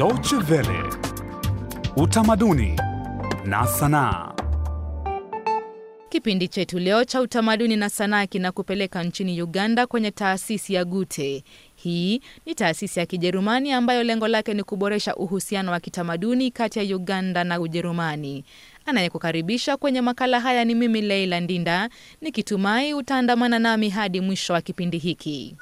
Deutsche Welle, utamaduni na sanaa. Kipindi chetu leo cha utamaduni na sanaa kinakupeleka nchini Uganda kwenye taasisi ya Gute. Hii ni taasisi ya Kijerumani ambayo lengo lake ni kuboresha uhusiano wa kitamaduni kati ya Uganda na Ujerumani. Anayekukaribisha kwenye makala haya ni mimi Leila Ndinda, nikitumai utaandamana nami hadi mwisho wa kipindi hiki.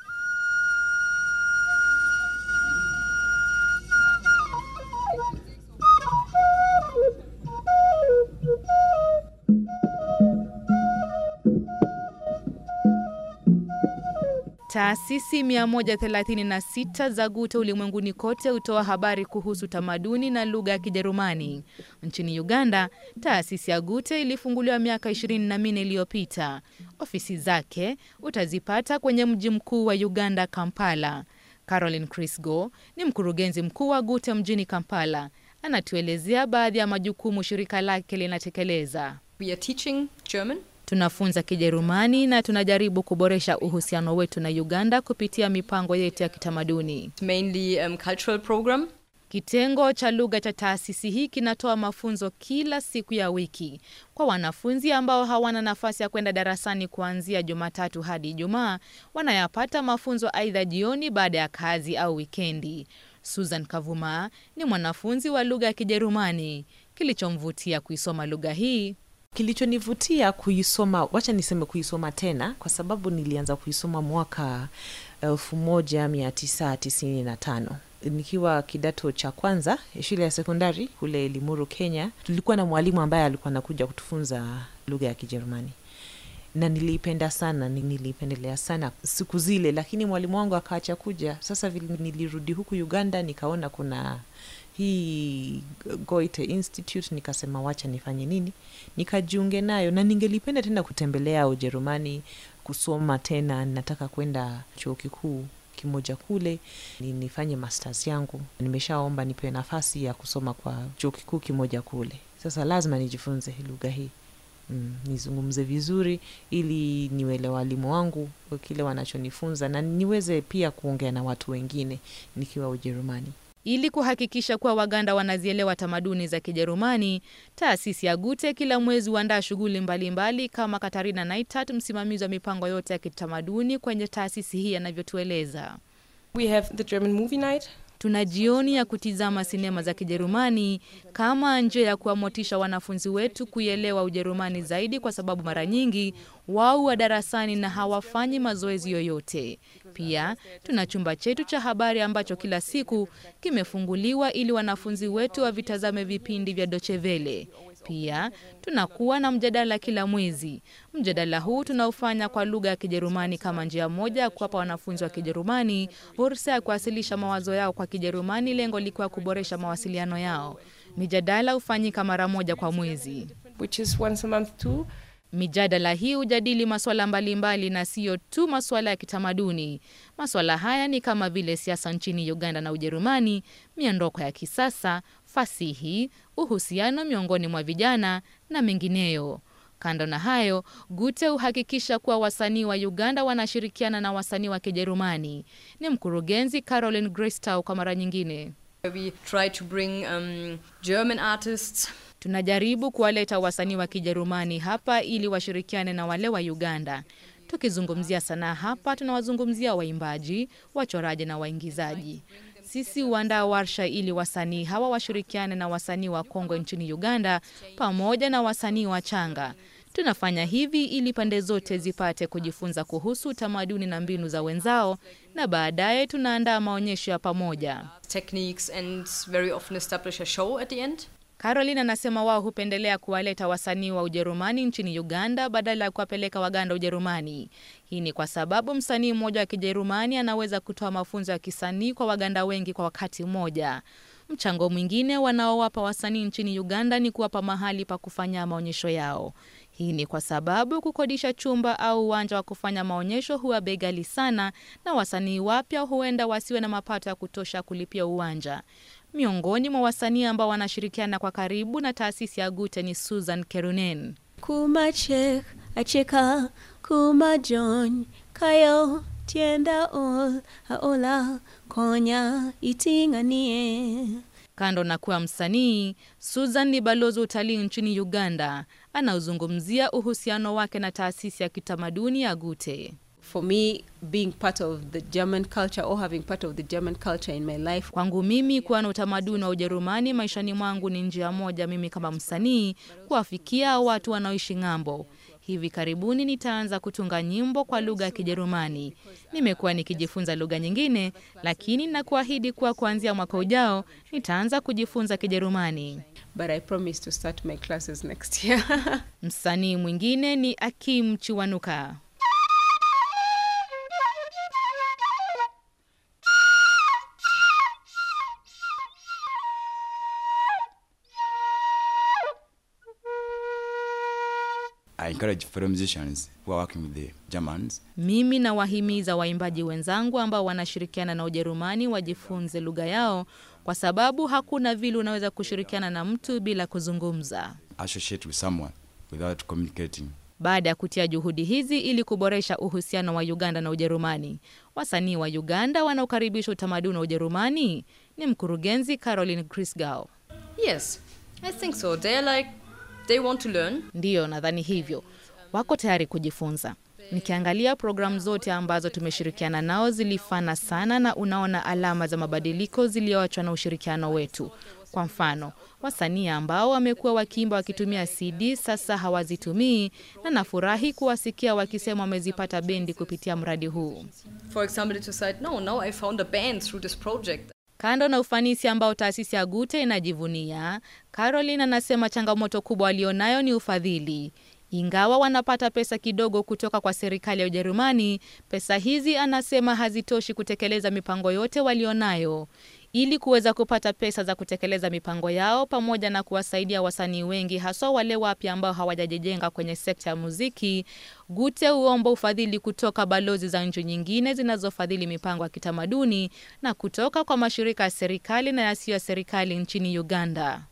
Taasisi 136 za gute ulimwenguni kote hutoa habari kuhusu tamaduni na lugha ya Kijerumani. Nchini Uganda, taasisi ya Gute ilifunguliwa miaka 24 iliyopita. Ofisi zake utazipata kwenye mji mkuu wa Uganda, Kampala. Caroline Crisgo ni mkurugenzi mkuu wa Gute mjini Kampala. Anatuelezea baadhi ya majukumu shirika lake linatekeleza. We are teaching German Tunafunza Kijerumani na tunajaribu kuboresha uhusiano wetu na Uganda kupitia mipango yetu ya kitamaduni. Mainly, um, cultural program. Kitengo cha lugha cha taasisi hii kinatoa mafunzo kila siku ya wiki kwa wanafunzi ambao hawana nafasi ya kwenda darasani kuanzia Jumatatu hadi Ijumaa. Wanayapata mafunzo aidha jioni baada ya kazi au wikendi. Susan Kavuma ni mwanafunzi wa lugha ya Kijerumani. Kilichomvutia kuisoma lugha hii Kilichonivutia kuisoma, wacha niseme kuisoma tena, kwa sababu nilianza kuisoma mwaka 1995 nikiwa kidato cha kwanza shule ya sekondari kule Limuru, Kenya. Tulikuwa na mwalimu ambaye alikuwa anakuja kutufunza lugha ya Kijerumani na niliipenda sana, niliipendelea sana siku zile, lakini mwalimu wangu akaacha kuja. Sasa vile nilirudi huku Uganda, nikaona kuna hii goite Institute, nikasema wacha nifanye nini, nikajiunge nayo, na ningelipenda tena kutembelea Ujerumani kusoma tena. Nataka kwenda chuo kikuu kimoja kule nifanye masters yangu. Nimeshaomba nipewe nafasi ya kusoma kwa chuo kikuu kimoja kule. Sasa lazima nijifunze lugha hii mm, nizungumze vizuri ili niwele walimu wangu kile wanachonifunza na niweze pia kuongea na watu wengine nikiwa Ujerumani. Ili kuhakikisha kuwa Waganda wanazielewa tamaduni za Kijerumani, taasisi ya Gute kila mwezi huandaa shughuli mbalimbali, kama Katarina naitat msimamizi wa mipango yote ya kitamaduni kwenye taasisi hii, anavyotueleza. Tuna jioni ya kutizama sinema za Kijerumani kama njia ya kuwamotisha wanafunzi wetu kuielewa Ujerumani zaidi, kwa sababu mara nyingi wao wa darasani na hawafanyi mazoezi yoyote. Pia tuna chumba chetu cha habari ambacho kila siku kimefunguliwa ili wanafunzi wetu wavitazame vipindi vya Dochevele. Pia tunakuwa na mjadala kila mwezi. Mjadala huu tunaofanya kwa lugha ya Kijerumani kama njia moja ya kuwapa wanafunzi wa Kijerumani fursa ya kuwasilisha mawazo yao kwa Kijerumani, lengo likiwa kuboresha mawasiliano yao. Mijadala hufanyika mara moja kwa mwezi. Mijadala hii hujadili masuala mbalimbali na siyo tu masuala ya kitamaduni. Masuala haya ni kama vile siasa nchini Uganda na Ujerumani, miondoko ya kisasa, fasihi, uhusiano miongoni mwa vijana na mengineyo. Kando na hayo, Gute huhakikisha kuwa wasanii wa Uganda wanashirikiana na wasanii wa Kijerumani. Ni mkurugenzi Carolin Gristow kwa mara nyingine. We try to bring, um, German artists. Tunajaribu kuwaleta wasanii wa Kijerumani hapa ili washirikiane na wale wa Uganda. Tukizungumzia sanaa hapa, tunawazungumzia waimbaji, wachoraji na waingizaji. Sisi huandaa warsha ili wasanii hawa washirikiane na wasanii wa kongwe nchini Uganda pamoja na wasanii wachanga. Tunafanya hivi ili pande zote zipate kujifunza kuhusu tamaduni na mbinu za wenzao, na baadaye tunaandaa maonyesho ya pamoja. Caroline anasema wao hupendelea kuwaleta wasanii wa Ujerumani nchini Uganda badala ya kuwapeleka Waganda Ujerumani. Hii ni kwa sababu msanii mmoja wa Kijerumani anaweza kutoa mafunzo ya kisanii kwa Waganda wengi kwa wakati mmoja. Mchango mwingine wanaowapa wasanii nchini Uganda ni kuwapa mahali pa kufanya maonyesho yao. Hii ni kwa sababu kukodisha chumba au uwanja wa kufanya maonyesho huwa bei ghali sana, na wasanii wapya huenda wasiwe na mapato ya kutosha kulipia uwanja. Miongoni mwa wasanii ambao wanashirikiana kwa karibu na taasisi ya Gute ni Susan Kerunen. kumachek acheka kumajony kayo tienda ol aola konya itinganie Kando na kuwa msanii, Susan ni balozi utalii nchini Uganda. Anauzungumzia uhusiano wake na taasisi ya kitamaduni ya Gute for me being part of the German culture or having part of the German culture in my life. Kwangu mimi kuwa na utamaduni wa Ujerumani maishani mwangu ni njia moja mimi kama msanii kuwafikia watu wanaoishi ng'ambo. Hivi karibuni nitaanza kutunga nyimbo kwa lugha ya Kijerumani. Nimekuwa nikijifunza lugha nyingine, lakini nakuahidi kuwa kuanzia mwaka ujao nitaanza kujifunza Kijerumani. But I promise to start my classes next year. Msanii mwingine ni Akim Chiwanuka. I encourage fellow musicians who are working with the Germans. Mimi nawahimiza waimbaji wenzangu ambao wanashirikiana na Ujerumani wajifunze lugha yao kwa sababu hakuna vile unaweza kushirikiana na mtu bila kuzungumza. Associate with someone without communicating. Baada ya kutia juhudi hizi ili kuboresha uhusiano wa Uganda na Ujerumani, wasanii wa Uganda wanaokaribisha utamaduni wa Ujerumani ni mkurugenzi Caroline Christgau. Yes, I think so. They're like they want to learn. Ndiyo, nadhani hivyo, wako tayari kujifunza. Nikiangalia programu zote ambazo tumeshirikiana nao zilifana sana, na unaona alama za mabadiliko ziliyoachwa na ushirikiano wetu. Kwa mfano, wasanii ambao wamekuwa wakiimba wakitumia CD sasa hawazitumii, na nafurahi kuwasikia wakisema wamezipata bendi kupitia mradi huu. For example, like, no, I found a band through this project. Kando na ufanisi ambao taasisi ya Gute inajivunia, Caroline anasema changamoto kubwa walionayo ni ufadhili. Ingawa wanapata pesa kidogo kutoka kwa serikali ya Ujerumani, pesa hizi anasema hazitoshi kutekeleza mipango yote walionayo ili kuweza kupata pesa za kutekeleza mipango yao pamoja na kuwasaidia wasanii wengi haswa wale wapya ambao hawajajijenga kwenye sekta ya muziki. Gute uomba ufadhili kutoka balozi za nchi nyingine zinazofadhili mipango ya kitamaduni na kutoka kwa mashirika ya serikali na yasiyo ya serikali nchini Uganda.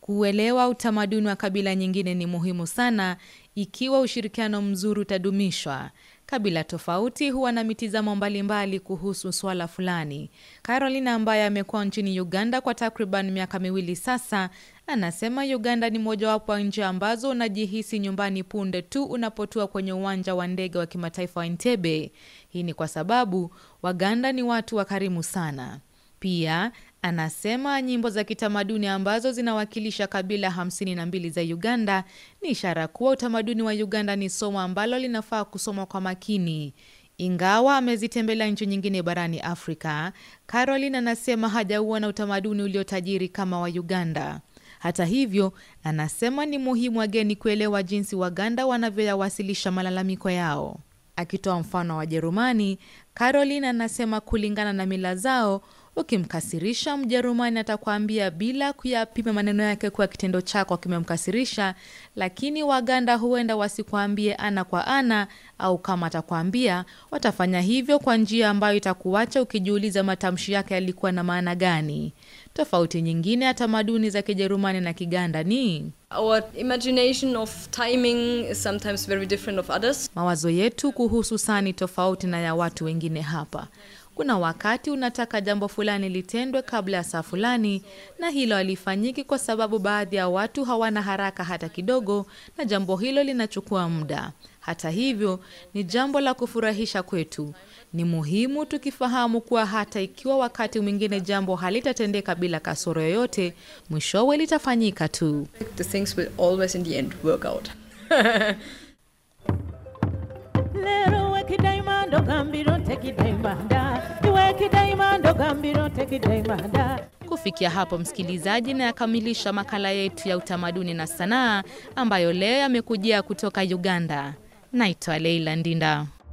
Kuelewa utamaduni wa kabila nyingine ni muhimu sana ikiwa ushirikiano mzuri utadumishwa kabila tofauti huwa na mitizamo mbalimbali kuhusu swala fulani. Carolina ambaye amekuwa nchini Uganda kwa takriban miaka miwili sasa, anasema Uganda ni mojawapo ya nchi ambazo unajihisi nyumbani punde tu unapotua kwenye uwanja wa ndege wa kimataifa wa Entebbe. Hii ni kwa sababu Waganda ni watu wakarimu sana. Pia Anasema nyimbo za kitamaduni ambazo zinawakilisha kabila 52 za Uganda ni ishara kuwa utamaduni wa Uganda ni somo ambalo linafaa kusomwa kwa makini. Ingawa amezitembelea nchi nyingine barani Afrika, Caroline anasema hajauona utamaduni uliotajiri kama wa Uganda. Hata hivyo, anasema ni muhimu wageni kuelewa jinsi Waganda wanavyoyawasilisha malalamiko yao. Akitoa mfano wa Jerumani, Caroline anasema kulingana na mila zao Ukimkasirisha Mjerumani atakwambia bila kuyapima maneno yake kuwa kitendo chako kimemkasirisha, lakini Waganda huenda wasikwambie ana kwa ana, au kama atakwambia watafanya hivyo kwa njia ambayo itakuacha ukijiuliza matamshi yake yalikuwa na maana gani. Tofauti nyingine ya tamaduni za Kijerumani na Kiganda ni Our imagination of timing is sometimes very different of others. Mawazo yetu kuhusu saa ni tofauti na ya watu wengine hapa. Kuna wakati unataka jambo fulani litendwe kabla ya saa fulani, na hilo halifanyiki kwa sababu baadhi ya watu hawana haraka hata kidogo, na jambo hilo linachukua muda. Hata hivyo, ni jambo la kufurahisha kwetu. Ni muhimu tukifahamu kuwa hata ikiwa wakati mwingine jambo halitatendeka bila kasoro yoyote, mwishowe litafanyika tu. The Kufikia hapo, msikilizaji, na yakamilisha makala yetu ya utamaduni na sanaa ambayo leo yamekujia kutoka Uganda. Naitwa Leila Ndinda.